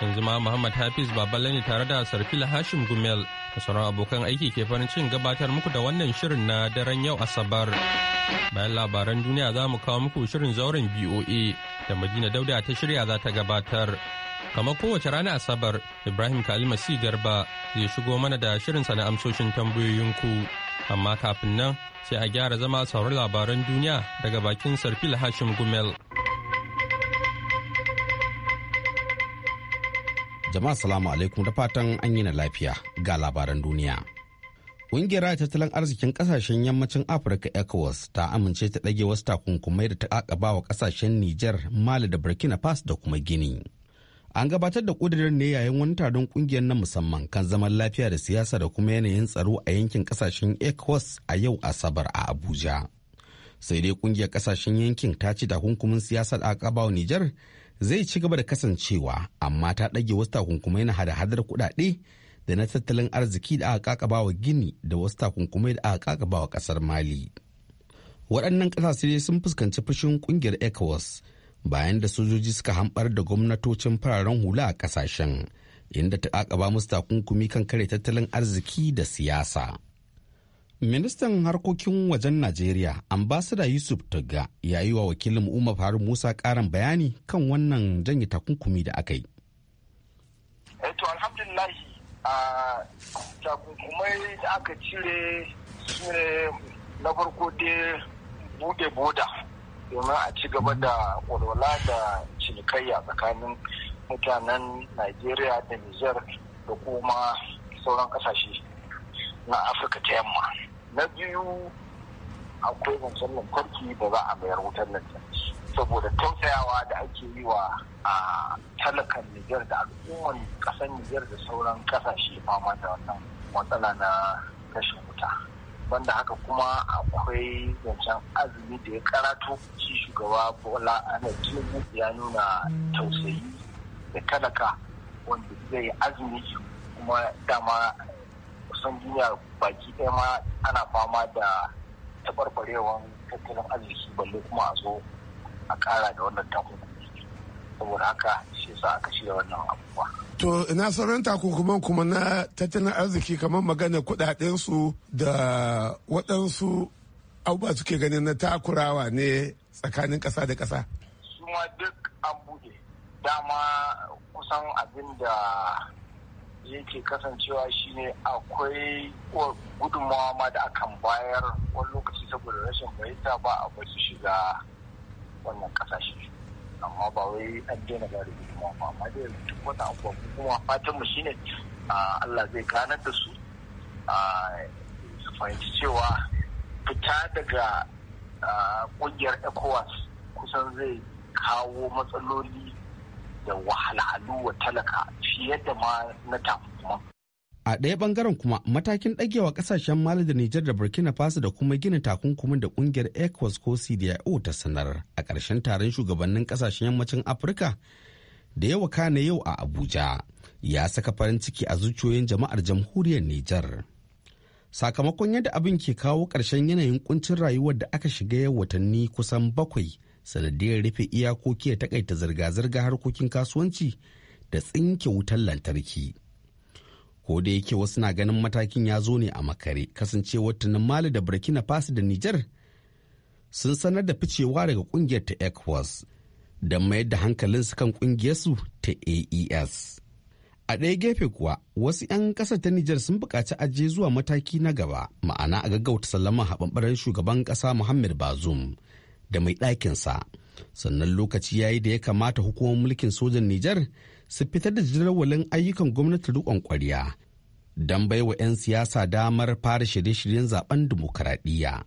yanzu ma Muhammad Hafiz Baballe ne tare da Sarfila Hashim Gumel da sauran abokan aiki ke farin cikin gabatar muku da wannan shirin na daren yau Asabar. Bayan labaran duniya za mu kawo muku shirin zauren BOA da Madina Dauda ta shirya za ta gabatar. Kamar kowace rana Asabar, Ibrahim Kalima si Garba zai shigo mana da shirin sana amsoshin tambayoyinku. Amma kafin nan sai a gyara zama sauran labaran duniya daga bakin Sarfila Hashim Gumel. Jama'a salamu alaikum da fatan an yi na lafiya ga labaran duniya. Ƙungiyar tattalin arzikin ƙasashen yammacin Afirka ECOWAS ta amince ta ɗage wasu takunkumai da ta ƙaƙaba wa ƙasashen Nijar, Mali da Burkina Faso da kuma Gini. An gabatar da ƙudurin ne yayin wani taron ƙungiyar na musamman kan zaman lafiya da siyasa da kuma yanayin tsaro a yankin ƙasashen ECOWAS a yau Asabar a Abuja. Sai dai ƙungiyar ƙasashen yankin ta ce takunkumin siyasar a ƙabawa Nijar zai ci gaba da kasancewa amma ta ɗage wasu takunkumai na hada-hadar kuɗaɗe da na tattalin arziki da aka kakaba wa gini da wasu takunkumai da aka kakaba wa ƙasar mali waɗannan ƙasashe sun fuskanci fushin ƙungiyar ecowas bayan da sojoji suka hambar da gwamnatocin fararen hula a ƙasashen inda ta kakaba musu takunkumi kan kare tattalin arziki da siyasa Ministan harkokin wajen Najeriya, ambasada Yusuf Tugga ya yi wa wakilin Umar Faru Musa ƙarin bayani kan wannan janye takunkumi da aka yi. Eto eh, alhamdulillahi a takunkumai da aka cire su ne na farko dai bude boda domin a ci gaba da walwala da cinikayya tsakanin mutanen Najeriya da Nijar da kuma sauran ƙasashe na Afirka ta yamma. na biyu akwai zancen lantarki da za a mayar wutar lantarki saboda tausayawa da ake yi wa a talakan Nijar da al'umman ƙasar Nijar da sauran ƙasashe fama da wannan matsala na rashin wuta. Banda haka kuma akwai zancen azumi da ya karato shi shugaba Bola ana Tinubu ya nuna tausayi da talaka wanda zai azumi kuma dama kusan duniya baki ɗaya ma ana fama da taɓarɓarewar tattalin arziki balle kuma a zo a ƙara da wannan takunkumi saboda haka shi sa aka shirya wannan abubuwa. To ina sauran takunkuman kuma na tattalin arziki kamar magana kuɗaɗensu da waɗansu abubuwa suke ganin na takurawa ne tsakanin ƙasa da ƙasa. Su ma duk an buɗe dama kusan abin da yake kasancewa shine akwai gudunmawa ma da akan bayar wani lokaci saboda rashin fahimta ba a su shiga wannan kasashe amma ba wai an daina ba da gudunmawa ba amma dai duk wata abubuwa kuma fatan mu shine Allah zai ganar da su su fahimci cewa fita daga kungiyar ECOWAS kusan zai kawo matsaloli da wahalhalu wa talaka fiye da ma na takunkuma. A ɗaya ɓangaren kuma matakin ɗagewa ƙasashen Mali da Nijar da Burkina Faso da kuma gina takunkumin da ƙungiyar ECOWAS ko CDAO ta sanar a ƙarshen taron shugabannin ƙasashen yammacin Afirka da yawa kana yau a Abuja ya saka farin ciki a zuciyoyin jama'ar jamhuriyar Nijar. Sakamakon yadda abin ke kawo ƙarshen yanayin kuncin rayuwar da aka shiga watanni kusan bakwai sanadiyar rufe iyakoki da takaita zirga-zirga harkokin kasuwanci da tsinke wutar lantarki ko da yake wasu na ganin matakin ya zo ne a makare kasancewar tunan mali da burkina faso da nijar sun sanar da ficewa daga kungiyar ta ecowas da mayar da hankalinsu kan kungiyarsu ta aes a ɗaya gefe kuwa wasu 'yan ƙasar ta nijar sun buƙaci ajiye zuwa mataki na gaba ma'ana a gaggauta sallaman haɓaɓɓaren shugaban ƙasa muhammad bazum da mai ɗakinsa sannan lokaci ya yi da ya kamata hukumar mulkin sojan nijar su fitar da jadawalin ayyukan gwamnati rikon kwariya don baiwa 'yan siyasa damar fara shirye-shiryen zaben dimokuraɗiyya.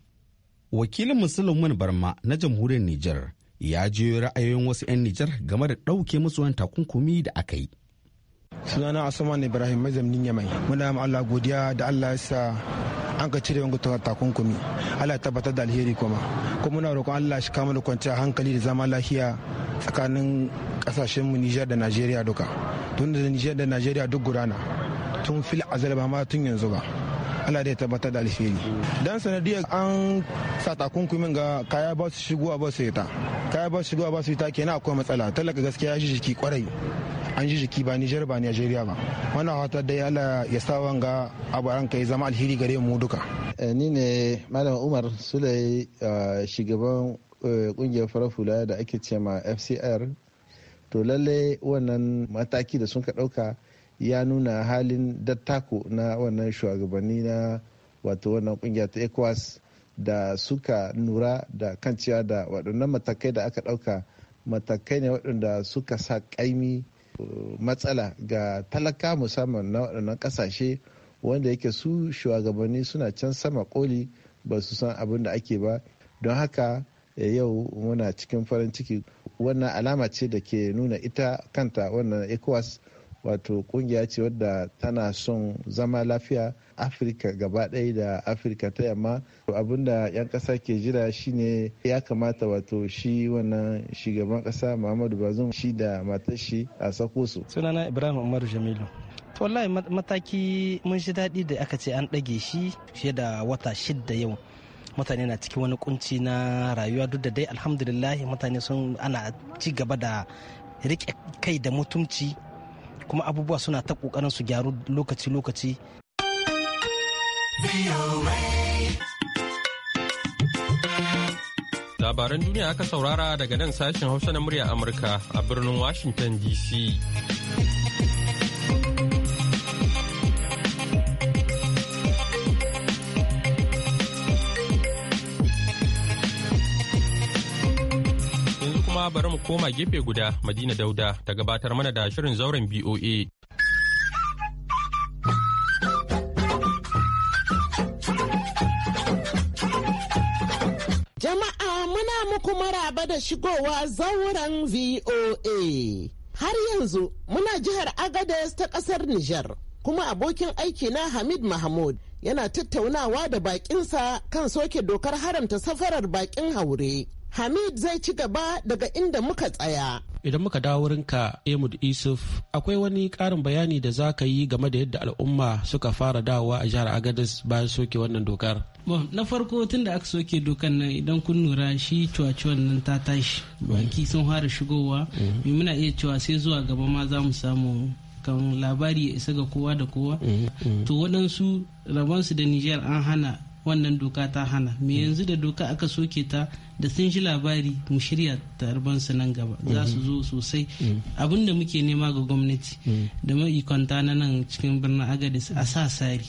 wakilin musulman barma na jamhuriyar nijar ya jiyo ra'ayoyin wasu 'yan nijar game da ɗauke musu wani takunkumi da aka yi sunana asuman ibrahim mazamnin yamai muna ma allah godiya da allah ya sa an ka cire wanga takunkumi Allah tabbatar da alheri kuma kuma muna roƙon Allah shi kama da kwanciyar hankali da zama lafiya tsakanin ƙasashen mu Nijar da Najeriya duka tun da Nijar da Najeriya duk gudana tun fil azalba ma tun yanzu ba Allah da ya tabbatar da alheri dan sanadiyar an sa takunkumin ga kaya ba su shigowa ba su ta kaya ba su shigowa ba su ta kenan akwai matsala talaka gaskiya ya shi jiki kwarai an ji jiki ba Nijar ba Najeriya ba wannan hata da Allah ya sa wanga abaran kai zama alheri gare mu duka eh, ni ne malam Umar Sulai eh, shugaban eh, kungiyar farar hula da ake ce ma FCR to lalle wannan mataki da sun ka dauka ya nuna halin dattako na wannan shugabanni na wato wannan kungiya ta ecowas da suka nura da kan cewa da waɗannan matakai da aka ɗauka matakai ne waɗanda suka sa ƙaimi matsala ga talaka musamman na waɗannan ƙasashe wanda yake su shugabanni suna can sama koli ba su san abin da ake ba don haka eh, yau muna cikin farin ciki wannan alama ce da ke nuna ita kanta wannan ecowas wato kungiya ce wadda tana son zama lafiya afirka gaba ɗaya da afirka ta yamma abinda 'yan ƙasa ke jira shine ya kamata wato shi wannan shugaban ƙasa muhammadu bazum shi da matar shi a sako su sunana ibrahim umaru jamilu to wallahi mataki mun shi daɗi da aka ce an ɗage shi fiye da wata shidda yau mutane na cikin wani kunci na rayuwa duk da dai alhamdulillah mutane sun ana ci gaba da rike kai da mutunci. kuma abubuwa suna ta kokarin su gyaru lokaci-lokaci labaran duniya aka saurara daga nan sashen hausa na murya amurka a birnin washington dc kuma bari mu koma gefe guda Madina Dauda ta gabatar mana da shirin zauren BOA. Jama'a muna muku maraba da shigowa zauren VOA. Har yanzu muna jihar Agadez ta ƙasar Nijar, kuma abokin aiki na Hamid Mahmud. yana tattaunawa da baƙinsa kan soke dokar haramta safarar baƙin haure. Hamid zai ci gaba daga inda muka tsaya. Idan muka dawo wurinka Emud Isuf, akwai wani karin bayani da za ka yi game da yadda al'umma suka fara dawowa a jihar Agadez bayan soke wannan dokar. Bon, na farko tun da aka soke dokar nan idan kun lura shi cuwacuwan nan ta tashi, baki sun fara shigowa, mai mhm. muna iya cewa sai zuwa gaba ma za mu samu kan labari ya isa ga kowa da kowa. Mhm. Mhm. To waɗansu rabansu da Nijar an hana wannan doka ta hana me hmm. yanzu da doka aka soke ta da sun ji labari mu shirya tarbansu nan gaba za su hmm. zo sosai hmm. abin da muke nema ga gwamnati da ma'ikonta na nan cikin birnin agadis a sa sari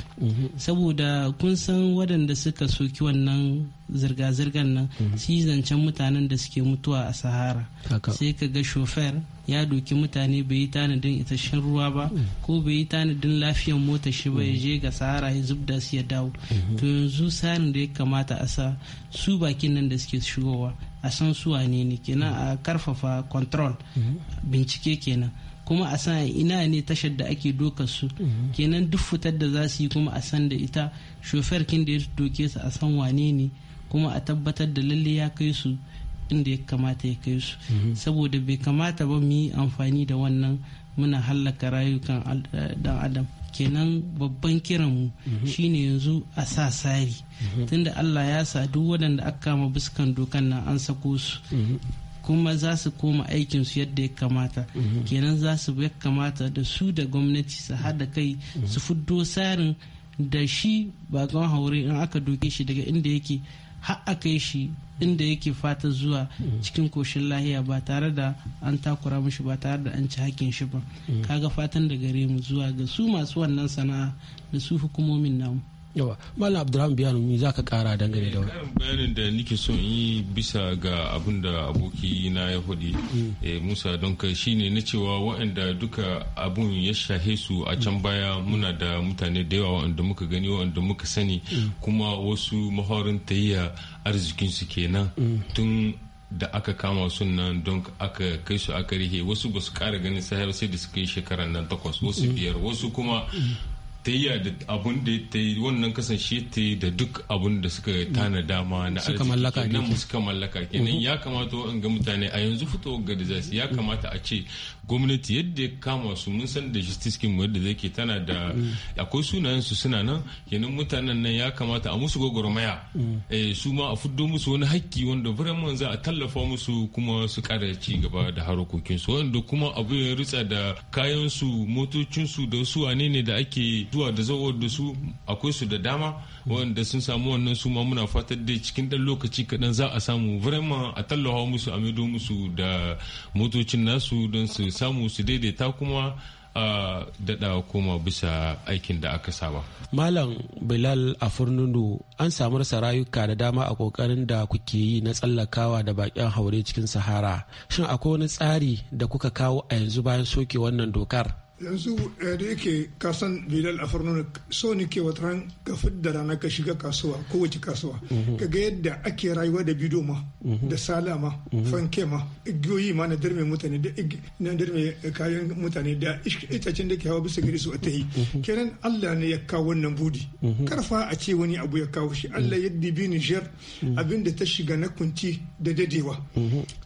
saboda kun san waɗanda suka soki wannan zirga-zirgar nan mhm. shi zancen mutanen da suke mutuwa a sahara sai ka ga shofer ya doki mutane bai yi tanadin isasshen ruwa ba mhm. ko bai yi tanadin lafiyan mota shi ba ya mhm. je ga sahara ya zub da su ya dawo to yanzu tsarin da ya kamata a sa su bakin nan da suke shigowa a san su wane ne kenan a karfafa control bincike kenan kuma a san ina ne tashar da ake doka su kenan duk fitar da za su yi kuma a san da ita shofar kin da ya doke su a san wane ne kuma a tabbatar da lalle ya kai su inda ya kamata ya kai su mhm. saboda bai kamata ba mu yi amfani da wannan muna hallaka rayukan eh, dan adam kenan babban kiranmu mhm. shine yanzu a sa sari mhm. tunda allah ya sa duk waɗanda aka kama buskan dokan nan an sako su kuma za su koma aikinsu yadda ya kamata kenan za su ya kamata da su da gwamnati su hada kai su fuddo tsarin da shi bakon haure in aka doke shi daga inda yake har a kai shi inda yake fata zuwa cikin koshin lahiya ba tare da an takura mushi ba tare da an ci hakkin shi ba mm. kaga fatan da gare mu zuwa ga su masu wannan sana'a da su hukumomin namu yawa mala abdurrahman biyanu mi za ka kara dangane da wani eh, bayanin da nike so in yi bisa ga abin da aboki na ya mm. hudu eh, musa don kai shine na cewa waɗanda duka abun ya shahe su a can mm. baya muna da mutane da yawa waɗanda muka gani waɗanda muka sani mm. kuma wasu mahaurin tayya arzikinsu kenan tun da aka kama sun nan don aka kai su aka rihe wasu ba su kara ganin sahar sai da suka yi shekarar nan takwas wasu biyar wasu kuma ta yi da abun da ta yi wannan kasance ta da duk abun da suka tana dama na suka mallaka kenan suka mallaka kenan ya kamata in ga mutane a yanzu fito ga da ya kamata a ce gwamnati yadda ya kama su mun san da justice king wadda zai tana da akwai sunayen su suna nan kenan mutanen nan ya kamata a musu gwagwarmaya eh, su ma a fuddo musu wani hakki wanda vraiment za a tallafa musu kuma su kara ci gaba da harkokin su wanda kuma abu ya ritsa da kayan su motocin su da su wane ne da ake zuwa da zawo da su akwai su da dama wanda sun samu wannan su ma muna fatar da cikin dan lokaci kaɗan za a samu vraiment a tallafa musu a maido musu da motocin nasu don su samu su daidaita kuma a daɗa koma bisa aikin da aka saba. Malam Bilal a furnunu an samu rasa rayuka da dama a kokarin da kuke yi na tsallakawa da bakin haure cikin Sahara. Shin akwai wani tsari da kuka kawo a yanzu bayan soke wannan dokar? yanzu eh, da yake kasan vidal a farnona so ne ke wata ran ka fidda rana ka shiga kasuwa kowace kasuwa mm-hmm. ka ga yadda ake rayuwa da bido ma mm-hmm. da salama. ma mm-hmm. fanke ma igiyoyi ma na dirme mutane da na kayan mutane da itacen da ke hawa bisa gari su a tahi kenan Allah ne ya kawo wannan budi karfa a ce wani abu ya kawo shi Allah ya dibi abin abinda ta shiga na kunci da dadewa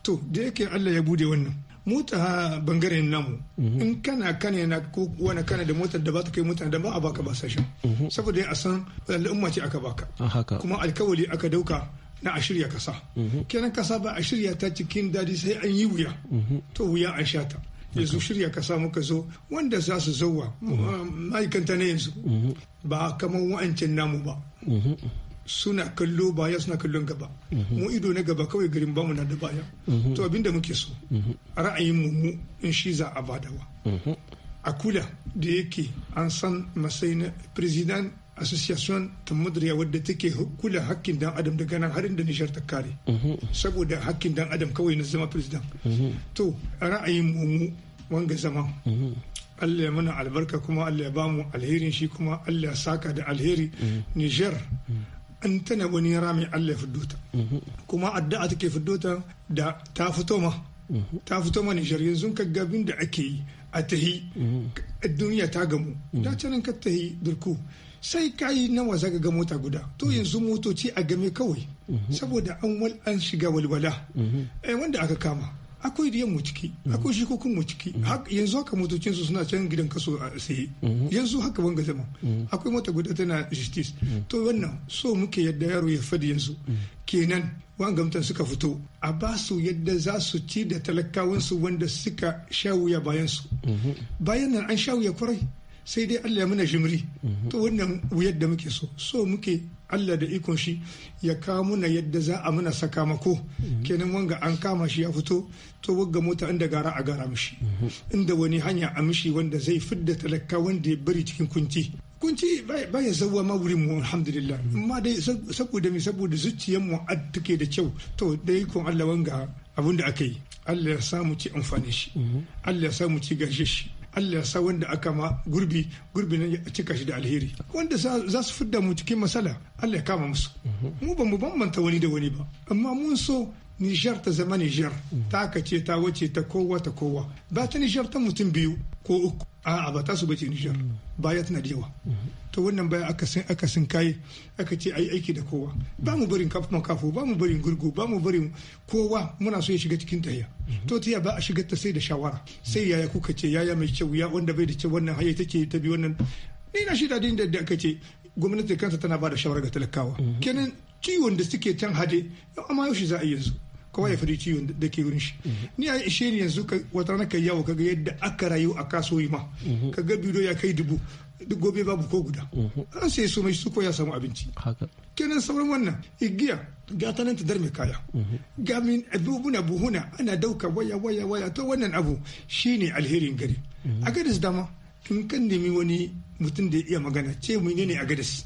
to da yake Allah ya bude wannan mota bangaren namu mhm. in kana kana na ko wani kana da motar da ba ta kai mutane da ba a baka ba sashen mhm. saboda a san al'umma ce aka baka kuma alkawali aka dauka na a shirya kasa mhm. kenan kasa ba a shirya ta cikin dadi sai an yi wuya to wuya an sha ta yanzu shirya kasa muka zo wanda za su wa. ma'aikanta na yanzu ba kamar wa'ancin namu ba suna kallo baya suna kallon gaba mhm. mu ido na gaba kawai garin bamu na da baya mhm. to abinda muke so mhm. ra'ayin mu mu in shi za a badawa a kula da yake an san masai na president association ta mudriya wadda take kula hakkin dan adam daga nan harin da nishar ta kare saboda hakkin dan adam kawai na zama president to ra'ayin mu mu wanga zama Allah ya mana albarka kuma Allah ya bamu alherin shi kuma Allah ya saka da alheri Niger An tana wani rami Allah ya fiddo mhm. kuma addu'a take fiddo ta da ta fito ma mhm. ta fito ma Nijar yanzu ka gabin da ake yi a tahi mhm. duniya ta gamu da nan ka tahi durku sai kayi nawa zaka ga mota guda to yanzu motoci a game kawai saboda an wal an shiga walwala eh, wanda aka kama akwai diyan mu ciki mm. akwai shikokin mu ciki mm. yanzu haka motocin su suna can gidan kaso a saye mm. yanzu haka wanga zama akwai mota guda tana justice to wannan so muke yadda yaro ya fadi yanzu kenan wangamtan suka fito a ba su yadda za su ci da su wanda suka shawuya bayan su mm-hmm. bayan nan an shawuya wuya kwarai sai dai Allah ya muna jimri mm-hmm. to wannan wuyar da muke so so muke Allah da ikon shi ya kawo muna yadda za a muna sakamako mhm. kenan wanga an kama shi ya fito to wagga mota inda gara a gara mishi mhm. inda wani hanya a mishi wanda zai fidda talaka wanda ya bari cikin kunci kunci baya zauwa ma wurin mu alhamdulillah mhm. amma dai saboda mi saboda zuciyar mu take da kyau to da ikon Allah wanga abin da aka yi Allah ya samu ci amfani shi Allah ya samu ci gashe shi Allah ya sa wanda aka ma gurbi gurbi nan a cika shi da alheri wanda za su fidda mu cikin masala Allah ya kama musu mu ba mu bambanta wani da wani ba amma mun so Nijar ta zama Nijar ta aka ce ta wace ta kowa ta kowa ba ta Nijar ta mutum biyu ko uku a'a ba ta su bace Nijar baya tana da yawa to wannan baya aka sin aka san kai aka ce ai aiki da kowa ba mu barin kafu makafo ba mu barin gurgu ba mu barin kowa muna so ya shiga cikin tahiya to tiya ba a shiga ta sai da shawara sai yaya kuka ce yaya mai kyau ya wanda bai da ce wannan haye take ta bi wannan ni na shi dadin da aka ce gwamnati kanta tana ba da shawara ga talakawa mhm. kenan ciwon da suke can hade amma yau shi za a yi yanzu kowa ya fadi ciwon da ke wurin shi ni a ishe ni yanzu wata rana kai yawo kaga yadda aka rayu a kasuwoyi ma kaga bido ya kai dubu duk gobe babu ko guda an sai su mai su ko ya samu abinci kenan sauran wannan igiya ga ta nan ta darme kaya ga min abubuwa buhuna ana dauka waya waya waya to wannan abu shine alherin gari a gadis dama in kan nemi wani mutum da ya iya magana ce mu ne a gadis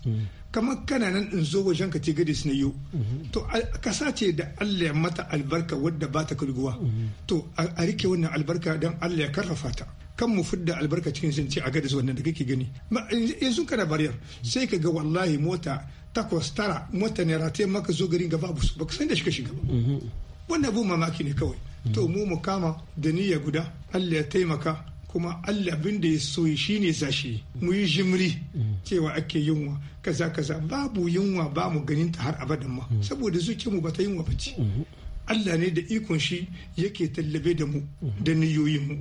kamar kana nan in zo wajen ka ce gadis na yiwu. Mhm. to kasa ce da Allah ya mata albarka wadda ba ta kulguwa mhm. to a rike wannan albarka don Allah ya karfafa ta kan mu fidda albarka cikin sun a gadis wannan da kake gani in sun kana bariyar sai ka ga wallahi mota takwas tara mota ne rataye maka zo garin gaba ba ka san da shi ka shiga ba mhm. wannan abu mamaki ne kawai to mu mu kama da niyya guda Allah ya taimaka kuma Allah bin da ya so shi ne zashi mu yi jimri mm. cewa ake yunwa kaza kaza babu yunwa ba mu ganin ta har abadan ma mm. saboda zuciyar mu ta yunwa bace mm. Allah ne da ikon shi yake tallabe da mu da niyoyin mu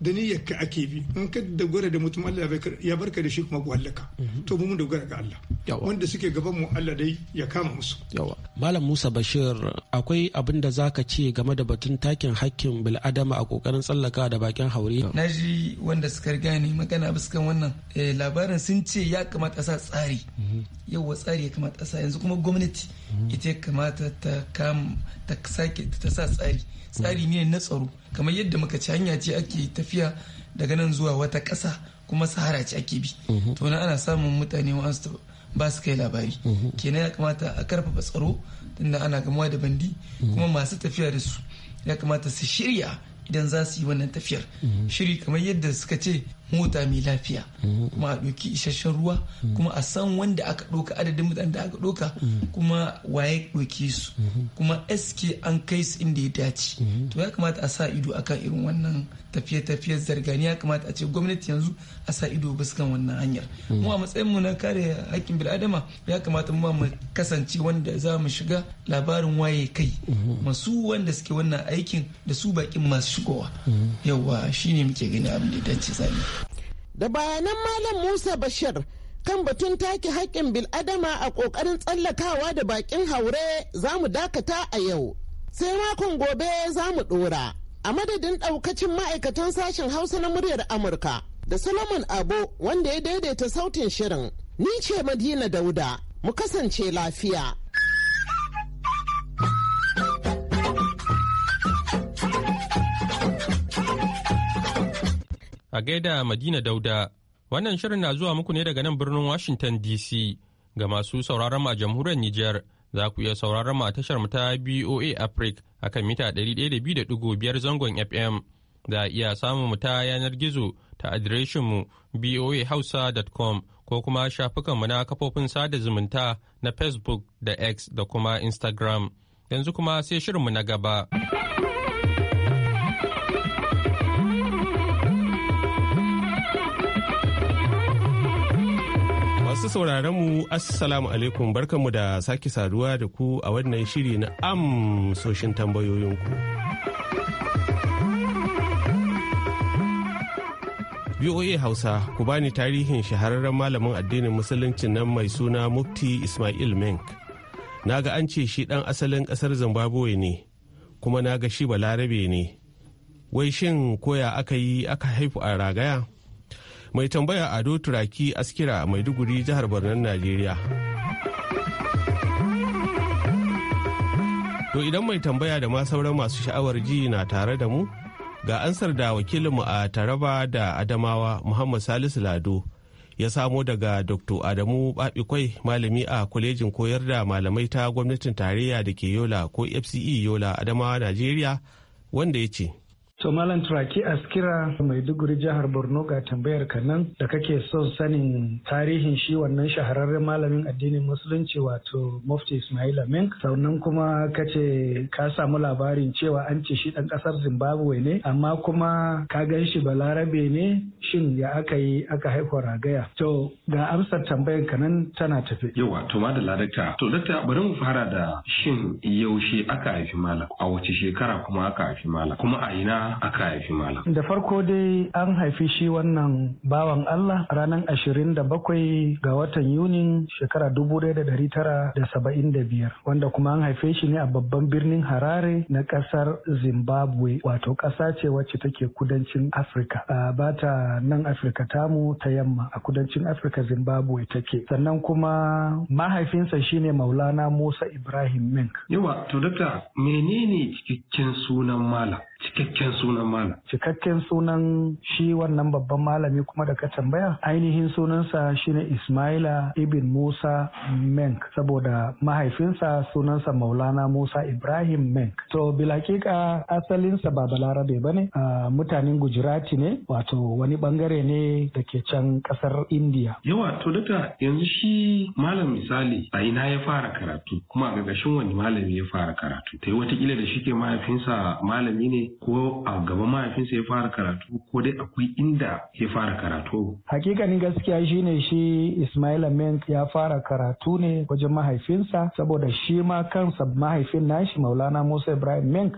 da niyyar ka ake bi in ka dogara da mutum Allah ya barka da shi kuma ku hallaka mhm. to mu dogara ga Allah wanda suke gaban mu Allah dai ya kama musu yawa malam Musa Bashir akwai abin da zaka ce game da batun takin hakkin bil'adama a kokarin tsallaka da bakin haure naji wanda suka riga magana biskan wannan eh, labarin sun ce ya kamata sa tsari mhm. yawa tsari ya kamata sa yanzu kuma gwamnati mhm. ita ya kamata ta kam ta sake ta sa tsari tsari ne na tsaro kamar yadda muka ci hanya ce ake tafiya daga nan zuwa wata ƙasa kuma sahara ce ake bi mhm. to na ana samun mutane wa'ansu ba su kai labari mhm. kenan ya kamata a karfafa tsaro tunda ana gamuwa da bandi mhm. kuma masu tafiya da su ya kamata su shirya idan za su yi wannan tafiyar shiri kamar yadda suka ce mota mai lafiya kuma a ɗauki isasshen ruwa kuma a san wanda aka ɗauka adadin mutane da aka ɗauka kuma waye ɗauke su kuma sk an kai su inda ya dace to ya kamata a sa ido akan irin wannan tafiye-tafiye zargani ya kamata a ce gwamnati yanzu a sa ido bisa kan wannan hanyar mu a matsayin mu na kare haƙƙin bil'adama ya kamata mu mu kasance wanda za mu shiga labarin waye kai masu wanda suke wannan aikin da su baƙin masu shigowa yawa shine muke gani abin da ya dace sani da bayanan malam musa bashir kan batun take haƙƙin bil'adama a ƙoƙarin tsallakawa da baƙin haure za mu dakata a yau sai makon gobe za mu ɗora a madadin ɗaukacin ma'aikatan sashen hausa na muryar amurka da solomon abu wanda ya daidaita sautin shirin ni ce madina dauda mu kasance lafiya a gaida Madina Dauda. Wannan shirin na zuwa muku ne daga nan birnin Washington DC ga masu sauraron a jamhuriyar Nijar. Za ku iya sauraron a tashar mu ta BOA Africa akan mita 102.5 zangon FM. Za a iya samun mu ta yanar gizo ta adireshinmu mu boahausa.com ko kuma shafukanmu na kafofin sada zumunta na Facebook da X da kuma Instagram. Yanzu kuma sai shirinmu na gaba. Masu sauraron mu Assalamu alaikum barkanmu da sake saduwa da ku a wannan shiri na amsoshin tambayoyinku. VOA Hausa ku bani tarihin shahararren malamin addinin musulunci nan mai suna Mufti Ismail Menk. Na ga an ce shi ɗan asalin ƙasar Zimbabwe ne, kuma na ga shi balarabe ne. Wai shin koya aka yi aka haifu a ragaya? mai tambaya ado turaki askira maiduguri jihar barnan najeriya to idan mai tambaya da ma sauran masu sha'awar ji na tare da mu ga ansar da wakilinmu a taraba da adamawa muhammad salisu lado ya samo daga dr adamu babikwai malami a kwalejin koyar da malamai ta gwamnatin tarayya da ke yola ko fce yola adamawa najeriya wanda ya ce To Malam Turaki Askira Maiduguri jihar Borno ga tambayar ka nan da kake son sanin tarihin shi wannan shahararren malamin addinin musulunci wato Mufti Ismail Amin. Sannan kuma kace ka samu labarin cewa an ce shi ɗan kasar Zimbabwe ne amma kuma ka gan shi balarabe ne shin ya aka yi aka haifa ragaya. To ga amsar tambayar ka nan tana tafi. Yawa to da dakta. To dakta bari mu fara da shin yaushe aka haifi malam a wace shekara kuma aka haifi malam kuma a ina aka haifi malam da farko dai an haifi shi wannan bawan Allah ranar ashirin da bakwai ga watan yunin shekara dubu da dari tara da saba'in da biyar wanda kuma an haife shi ne a babban birnin harare na kasar zimbabwe wato kasa ce wacce take kudancin afirka a bata nan afirka tamu ta yamma a kudancin afirka zimbabwe take sannan kuma mahaifinsa shine maulana musa ibrahim mink yawa to dakta menene cikakken sunan malam Cikakken sunan malam. Cikakken sunan shi wannan babban malami kuma da ka tambaya ainihin sunansa shine Ismaila ibn Musa Menk saboda mahaifinsa sunansa Maulana Musa Ibrahim Menk. To bilakika asalinsa ba balarabe ba ne mutanen Gujirati ne wato wani bangare ne da ke can kasar India. Yawa to daga yanzu shi malam misali a ina ya fara karatu kuma a gagashin wani malami ya fara karatu. Ta yi watakila da shi ke mahaifinsa malami ne ko a gaba mahaifinsa ya fara karatu ko dai akwai inda ya fara karatu. Hakikanin gaskiya shine shi Ismail Amin ya fara karatu ne wajen mahaifinsa saboda shi ma kansa mahaifin nashi Maulana Musa Ibrahim Mink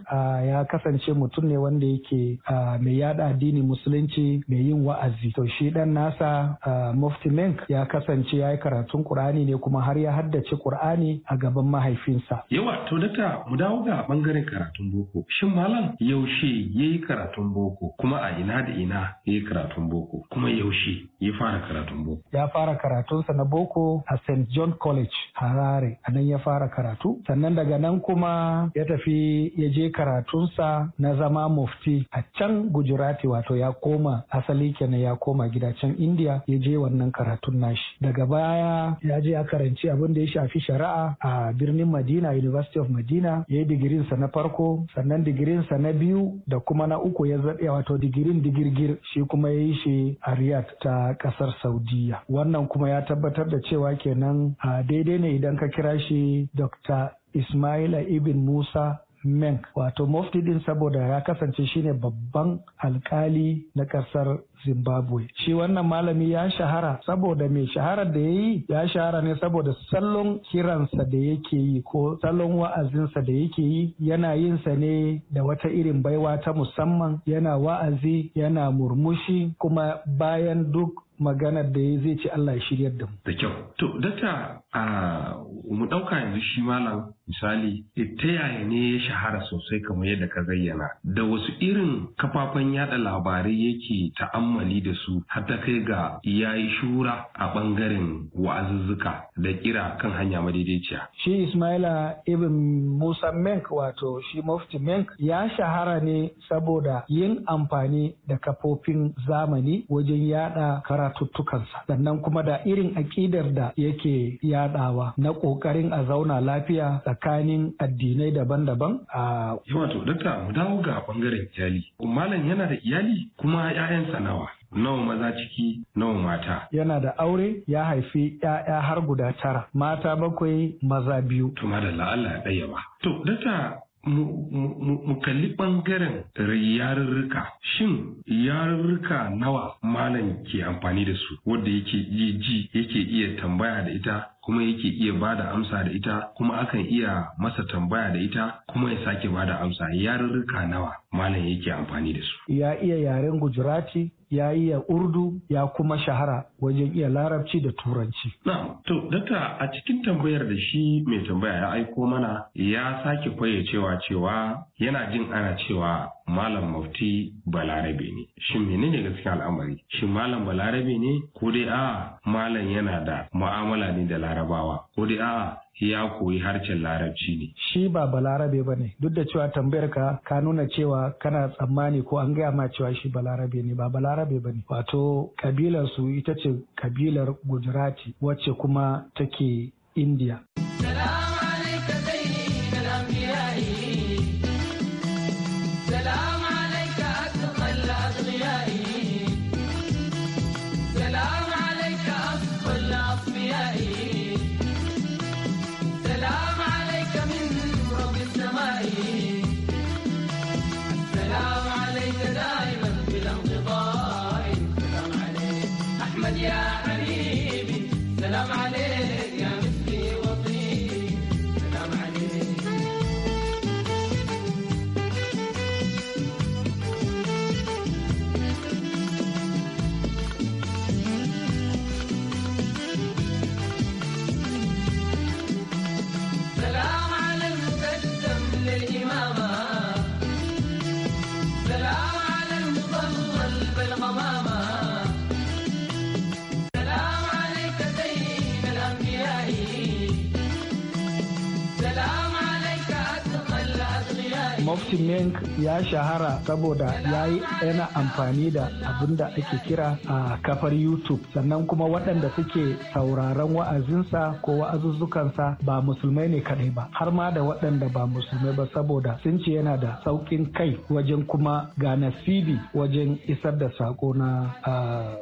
ya kasance mutum ne wanda yake mai yada addini musulunci mai yin wa'azi. To shi dan nasa Mufti mink ya kasance ya yi karatun Kur'ani ne kuma har ya haddace Kur'ani a gaban mahaifinsa. Yawa to dakta mu dawo ga bangaren karatun boko. Shin malam yau yaushe ya yi karatun boko kuma a ina da ina ya yi karatun boko kuma yaushe ya fara karatun boko. Ya fara karatunsa na boko a St. John College Harare a nan ya fara karatu sannan daga nan kuma ya tafi ya je karatunsa na zama mufti a can Gujarati wato ya koma asali kenan ya koma gida can India ya je wannan karatun nashi. Daga baya ya je ya karanci abin da ya shafi shari'a a birnin Madina University of Madina ya yi digirinsa na farko sannan digirinsa na biyu biyu da kuma na uku ya zaɗe wato digirin digirgir shi kuma ya yi shi a Riyadh ta ƙasar Saudiya. Wannan kuma ya tabbatar da cewa kenan a daidai ne idan ka kira shi Dr. Ismaila Ibn Musa Menk wato mufti din saboda ya kasance shine babban alkali na ƙasar. Zimbabwe. Shi wannan malami ya shahara saboda mai shaharar da ya yi ya shahara ne saboda salon kiransa da yake yi ko salon wa'azinsa da yake yi yana yin sa ne da wata irin baiwa ta musamman yana wa'azi yana murmushi kuma bayan duk maganar da ya zai ci Allah ya shirya da mu. Da kyau. To, dakta a mu ɗauka yanzu shi malam misali eh, ta yaya ne ya shahara sosai kamar yadda ka zayyana da wasu irin kafafen yada labarai yake ta'amma ta'ammali da su har ta kai ga ya yi shura a bangaren wa'azuzzuka da kira kan hanya madaidaiciya. Shi Ismaila Ibn Musa Menk wato shi Mufti Menk ya shahara ne saboda yin amfani da kafofin zamani wajen yada karatuttukansa sannan kuma da irin aƙidar da yake yadawa na ƙoƙarin a zauna lafiya tsakanin addinai daban-daban a. to dakta mu dawo ga ɓangaren iyali. Malam yana da iyali kuma 'ya'yansa nawa. nawa maza ciki nawa mata. Yana da aure ya haifi ‘ya'ya har guda tara, mata bakwai maza biyu. Tuma da la'alla ɗaya ba. To, data mu kalli ɓangaren yarurruka shin yarurruka nawa malam ke amfani da su wadda yake iya ji yake iya tambaya da ita kuma yake iya ba da amsa da ita kuma akan iya masa tambaya da ita kuma ya sake ba da amsa yarurruka nawa malam yake amfani da su. Ya iya yaren Gujarati, ya iya Urdu, ya kuma shahara wajen iya Larabci da Turanci. Na, to, data a cikin tambayar da shi mai tambaya ya aiko mana ya sake kwaye cewa cewa yana jin ana cewa Malam Mafti Balarabe ne. Shin menene gaskiya al'amari? Shin Malam Balarabe ne? Ko dai aa, Malam yana da mu'amala ne da Larabawa? Ko dai a ya koyi harshen larabci ne. Shi ba balarabe ba ne duk da cewa tambayar ka ka nuna cewa kana tsammani ko an gaya ma cewa shi balarabe ne ba balarabe ba ne. Wato kabilar su ita ce kabilar Gujarati wacce kuma take India. Mofti mink ya shahara saboda ya yi yana amfani da abin da ake kira a kafar youtube sannan kuma waɗanda suke sauraron wa'azinsa ko wa'azuzzukansa ba musulmai ne kadai ba har ma da waɗanda ba musulmai ba saboda sun ce yana da sauƙin kai wajen kuma ga nasibi wajen isar da sako na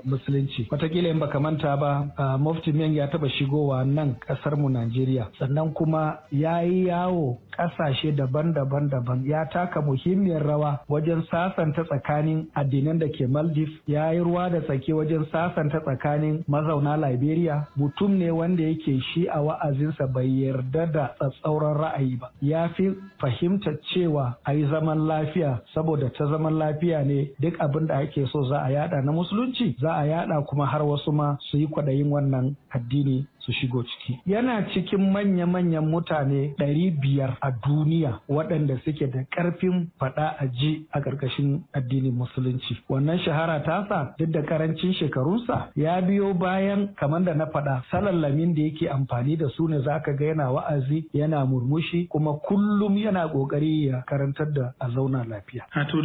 musulunci Wataƙila in baka manta ba Mofti mink ya taɓa shigowa nan ƙasar mu najeriya sannan kuma ya yi yawo ƙasashe daban-daban daban ya taka muhimmiyar rawa wajen sasanta tsakanin addinan da ke Maldives ya yi ruwa da tsaki wajen sasanta tsakanin mazauna Liberia mutum ne wanda yake shi a wa'azinsa bai yarda da tsatsauran ra'ayi ba ya fi fahimta cewa a yi zaman lafiya saboda ta zaman lafiya ne duk abin da ake so za a yada na musulunci za a yada kuma har wasu ma su yi kwaɗayin wannan addini su shigo ciki yana cikin manya-manyan mutane ɗari biyar a duniya waɗanda suke da ƙarfin faɗa a ji a ƙarƙashin addinin musulunci wannan shahara ta sa duk da karancin shekarunsa ya biyo bayan kamar da na faɗa salallamin da yake amfani da su ne zaka ga yana wa'azi yana murmushi kuma kullum yana ƙoƙari ya karantar da a zauna lafiya. A to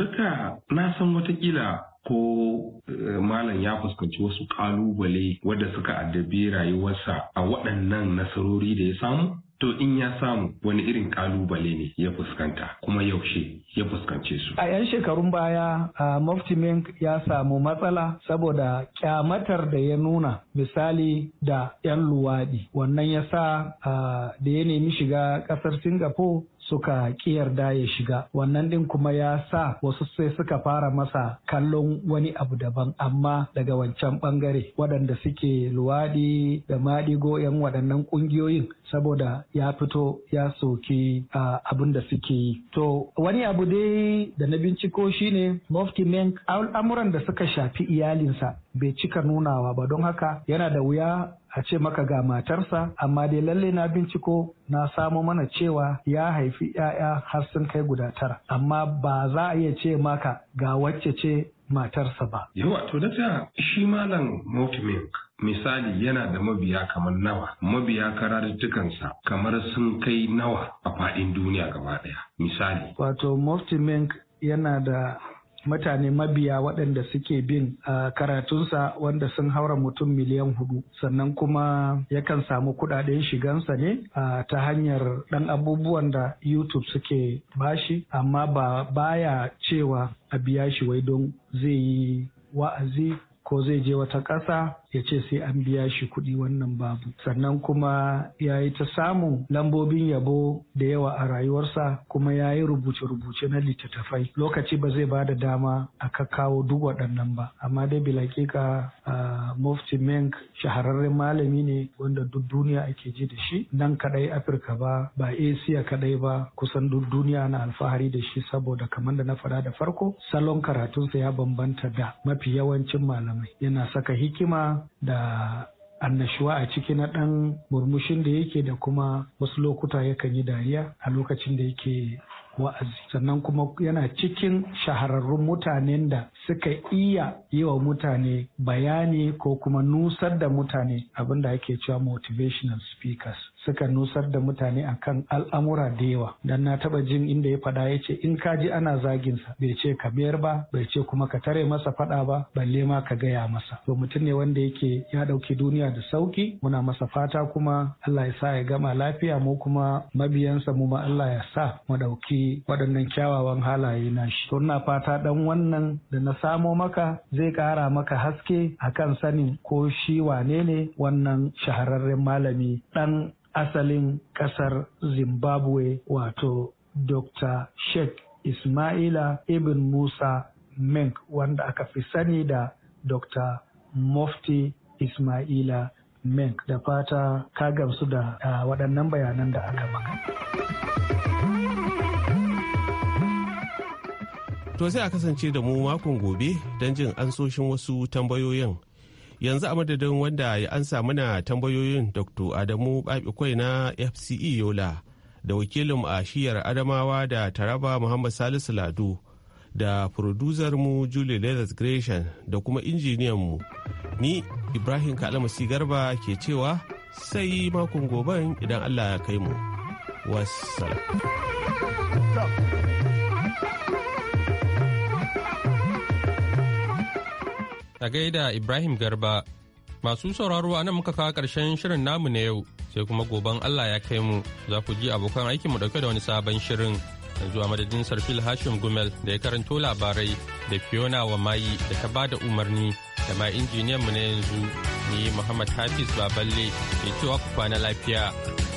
na san watakila ko eh, malam ya fuskanci wasu kalubale wadda suka addabi rayuwarsa a waɗannan nasarori da ya samu To in ya samu wani irin kalubale ne ya fuskanta kuma yaushe ya fuskance su. A 'yan shekarun baya a Mink ya samu matsala saboda kyamatar da ya nuna misali da 'yan luwaɗi. Wannan ya sa da ya nemi shiga ƙasar Singapore suka yarda ya shiga wannan ɗin kuma ya sa wasu sai suka fara masa kallon wani abu daban amma daga wancan ɓangare waɗanda suke luwaɗi da maɗigo 'yan waɗannan ƙungiyoyin saboda ya fito ya soki abin da suke yi. To wani abu dai da na binciko shine mofti Menk al'amuran da suka shafi iyalinsa bai cika nunawa ba don haka yana da wuya a ce maka ga matarsa amma dai lalle na binciko na samo mana cewa ya haifi 'ya'ya har sun kai guda tara amma ba za a iya ce maka ga wacce ce matarsa ba. Yawa to da shi malam Motimink misali yana da mabiya kamar nawa mabiya karatukansa kamar sun kai nawa a faɗin duniya gaba ɗaya misali. Wato Motimink yana da mutane mabiya waɗanda suke bin ah, karatunsa wanda sun haura mutum miliyan hudu sannan kuma yakan samu kuɗaɗen shigansa ne ah, ta hanyar ɗan abubuwan da youtube suke bashi amma ba baya cewa a biya shi wai don zai yi wa'azi ko zai je wata ƙasa ya ce sai an biya shi kuɗi wannan babu sannan kuma ya yi ta samun lambobin yabo da yawa a rayuwarsa kuma ya yi rubuce-rubuce na littattafai lokaci ba zai ba da dama a kawo duk waɗannan ba amma dai bilakika mufti menk shahararren malami ne wanda duk duniya ake ji da shi nan kaɗai afirka ba ba Asia kaɗai ba kusan duk duniya na alfahari da shi saboda kamar da na faɗa da farko salon karatunsa ya bambanta da mafi yawancin malamai yana saka hikima da annashuwa a ciki na ɗan murmushin da yake da kuma wasu lokuta yakan yi dariya a lokacin da yake wa'azi sannan kuma yana cikin shahararrun mutanen da suka iya yi wa mutane bayani ko kuma nusar da mutane abinda ake cewa motivational speakers suka nusar da mutane a kan al'amura da yawa dan na taba jin inda ya fada ya ce in ka ji ana zaginsa. bai ce ka biyar ba bai ce kuma ka tare masa fada ba balle ma ka gaya masa to mutum ne wanda yake ya dauki duniya da sauki muna masa fata kuma Allah ya sa ya gama lafiya mu kuma mabiyansa mu ma Allah ya sa mu dauki waɗannan kyawawan halaye na shi to ina fata dan wannan da na samo maka zai kara maka haske akan sanin ko shi wane ne wannan shahararren malami dan asalin kasar Zimbabwe wato Dr. Sheikh Ismaila Ibn Musa Menk wanda aka fi sani da Dr. Mufti Ismaila Menk da fata ka gamsu da waɗannan bayanan da aka maka. To sai a kasance da mu makon gobe don jin ansoshin wasu tambayoyin. yanzu a madadin wanda ya ansa mana tambayoyin dr adamu babikwai na fce yola da wakilin a shiyar adamawa da taraba muhammad salisu ladu da mu julie leathers gresham da kuma injiniyan mu ni ibrahim kalamasi garba ke cewa sai makon goben idan allah ya kai mu wassalam a gaida Ibrahim Garba. Masu sauraro a nan muka kawo ƙarshen shirin namu na yau sai kuma goben Allah ya kai mu za ku ji abokan aikin mu dauke da wani sabon shirin. Yanzu a madadin Sarfil Hashim Gumel da ya karanto labarai da Fiona wa mayi da ta bada umarni da ma injiniyan mu na yanzu ni Muhammad Hafiz Baballe ke cewa ku kwana lafiya.